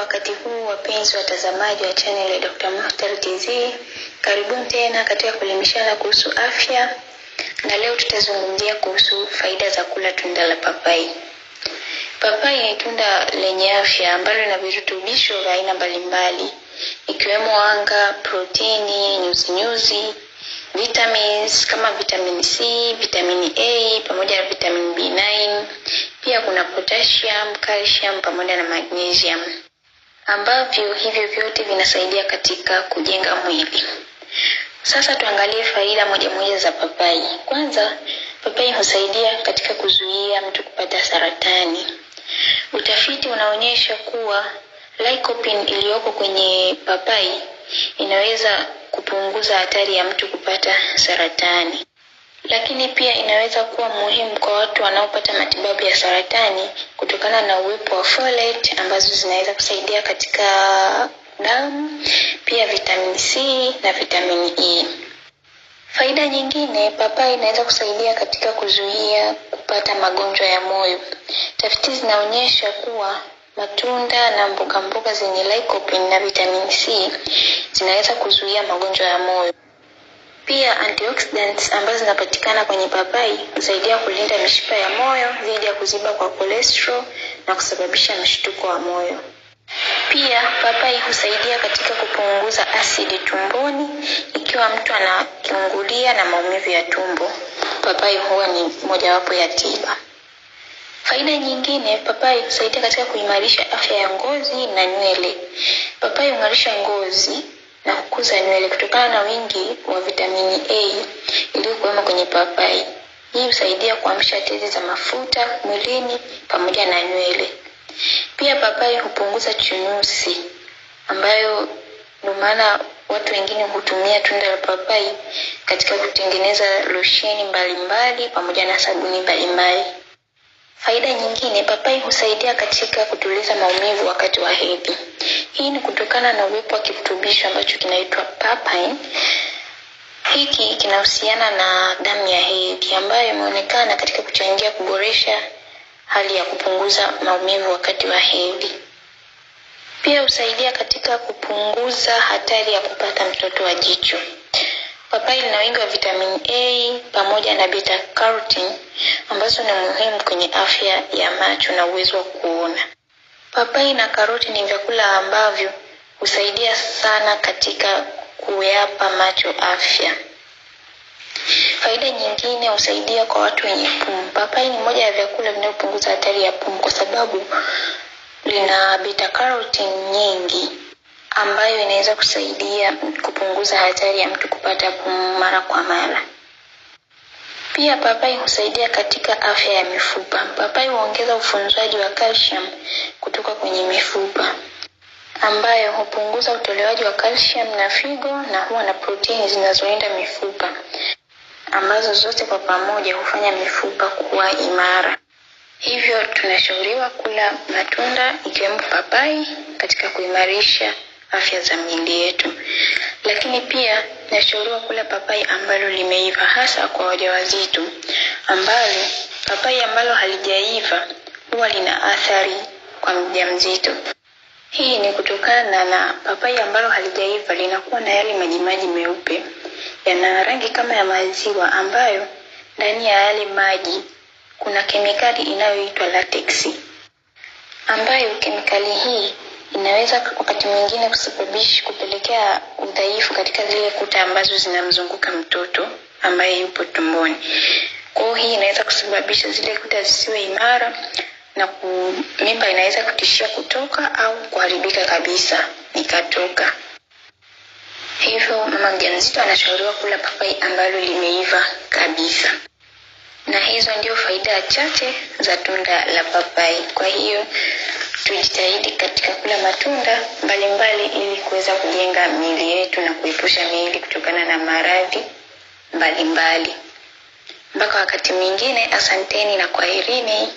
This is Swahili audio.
wakati huu, wapenzi watazamaji wa channel ya Dr. muhtar TZ, karibuni tena katika kuelimishana kuhusu afya, na leo tutazungumzia kuhusu faida za kula tunda la papai. Papai ni tunda lenye afya ambalo lina virutubisho vya aina mbalimbali ikiwemo wanga, proteini nyuzinyuzi, vitamins kama vitamin C, vitamin A pamoja na vitamin B9. Pia kuna potassium, calcium pamoja na magnesium ambavyo hivyo vyote vinasaidia katika kujenga mwili. Sasa tuangalie faida moja moja za papai. Kwanza, papai husaidia katika kuzuia mtu kupata saratani. Utafiti unaonyesha kuwa lycopene iliyoko kwenye papai inaweza kupunguza hatari ya mtu kupata saratani lakini pia inaweza kuwa muhimu kwa watu wanaopata matibabu ya saratani kutokana na uwepo wa folate ambazo zinaweza kusaidia katika damu, pia vitamini C na vitamini E. Faida nyingine, papai inaweza kusaidia katika kuzuia kupata magonjwa ya moyo. Tafiti zinaonyesha kuwa matunda na mboga mboga zenye lycopene na vitamini C zinaweza kuzuia magonjwa ya moyo. Pia antioxidants ambazo zinapatikana kwenye papai husaidia kulinda mishipa ya moyo dhidi ya kuziba kwa cholesterol na kusababisha mshtuko wa moyo. Pia papai husaidia katika kupunguza asidi tumboni ikiwa mtu anakiungulia na maumivu ya tumbo. Papai huwa ni mojawapo ya tiba. Faida nyingine, papai husaidia katika kuimarisha afya ya ngozi na nywele. Papai huimarisha ngozi na kukuza nywele kutokana na wingi wa vitamini A iliyokuwemo kwenye papai. Hii husaidia kuamsha tezi za mafuta mwilini pamoja na nywele. Pia papai hupunguza chunusi, ambayo ndio maana watu wengine hutumia tunda la papai katika kutengeneza losheni mbalimbali pamoja na sabuni mbalimbali. Faida nyingine, papai husaidia katika kutuliza maumivu wakati wa hedhi. Hii ni kutokana na uwepo wa kirutubisho ambacho kinaitwa papain. Hiki kinahusiana na damu ya hedhi ambayo imeonekana katika kuchangia kuboresha hali ya kupunguza maumivu wakati wa hedhi. Pia husaidia katika kupunguza hatari ya kupata mtoto wa jicho. Papai lina wingi wa vitamini A pamoja na beta carotene ambazo ni muhimu kwenye afya ya macho na uwezo wa kuona. Papai na karoti ni vyakula ambavyo husaidia sana katika kuyapa macho afya. Faida nyingine husaidia kwa watu wenye pumu. Papai ni moja ya vyakula vinavyopunguza hatari ya pumu kwa sababu lina beta carotene nyingi ambayo inaweza kusaidia kupunguza hatari ya mtu kupata pumu mara kwa mara. Pia papai husaidia katika afya ya mifupa. Papai huongeza ufunzaji wa calcium kutoka kwenye mifupa ambayo hupunguza utolewaji wa calcium na figo na huwa na protini zinazoenda mifupa ambazo zote kwa pamoja hufanya mifupa kuwa imara. Hivyo tunashauriwa kula matunda ikiwemo papai katika kuimarisha afya za miili yetu. Lakini pia nashauriwa kula papai ambalo limeiva, hasa kwa wajawazito, ambalo papai ambalo halijaiva huwa lina athari kwa mjamzito. Hii ni kutokana na papai ambalo halijaiva linakuwa na yale majimaji meupe, yana rangi kama ya maziwa, ambayo ndani ya yale maji kuna kemikali inayoitwa lateksi, ambayo kemikali hii inaweza wakati mwingine kusababisha kupelekea udhaifu katika zile kuta ambazo zinamzunguka mtoto ambaye yupo tumboni kwao hii inaweza kusababisha zile kuta zisiwe imara na ku, mimba inaweza kutishia kutoka au kuharibika kabisa ikatoka hivyo mama mjamzito anashauriwa kula papai ambalo limeiva kabisa na hizo ndio faida chache za tunda la papai kwa hiyo tujitahidi katika kula matunda mbalimbali ili kuweza kujenga miili yetu na kuepusha miili kutokana na maradhi mbalimbali. Mpaka wakati mwingine, asanteni na kwaherini.